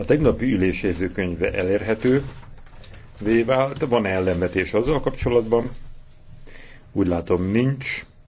A tegnapi ülésjegyzőkönyve elérhető, vévált, van -e ellenvetés azzal kapcsolatban? Úgy látom nincs.